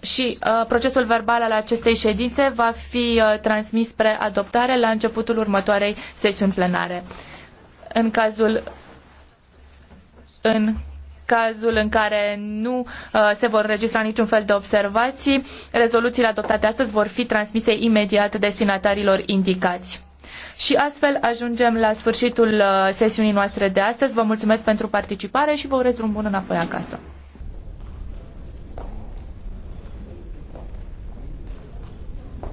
și uh, procesul verbal al acestei ședințe va fi uh, transmis spre adoptare la începutul următoarei sesiuni plenare. În cazul în cazul în care nu uh, se vor registra niciun fel de observații, rezoluțiile adoptate astăzi vor fi transmise imediat destinatarilor indicați. Și astfel ajungem la sfârșitul uh, sesiunii noastre de astăzi. Vă mulțumesc pentru participare și vă urez drum bun înapoi acasă.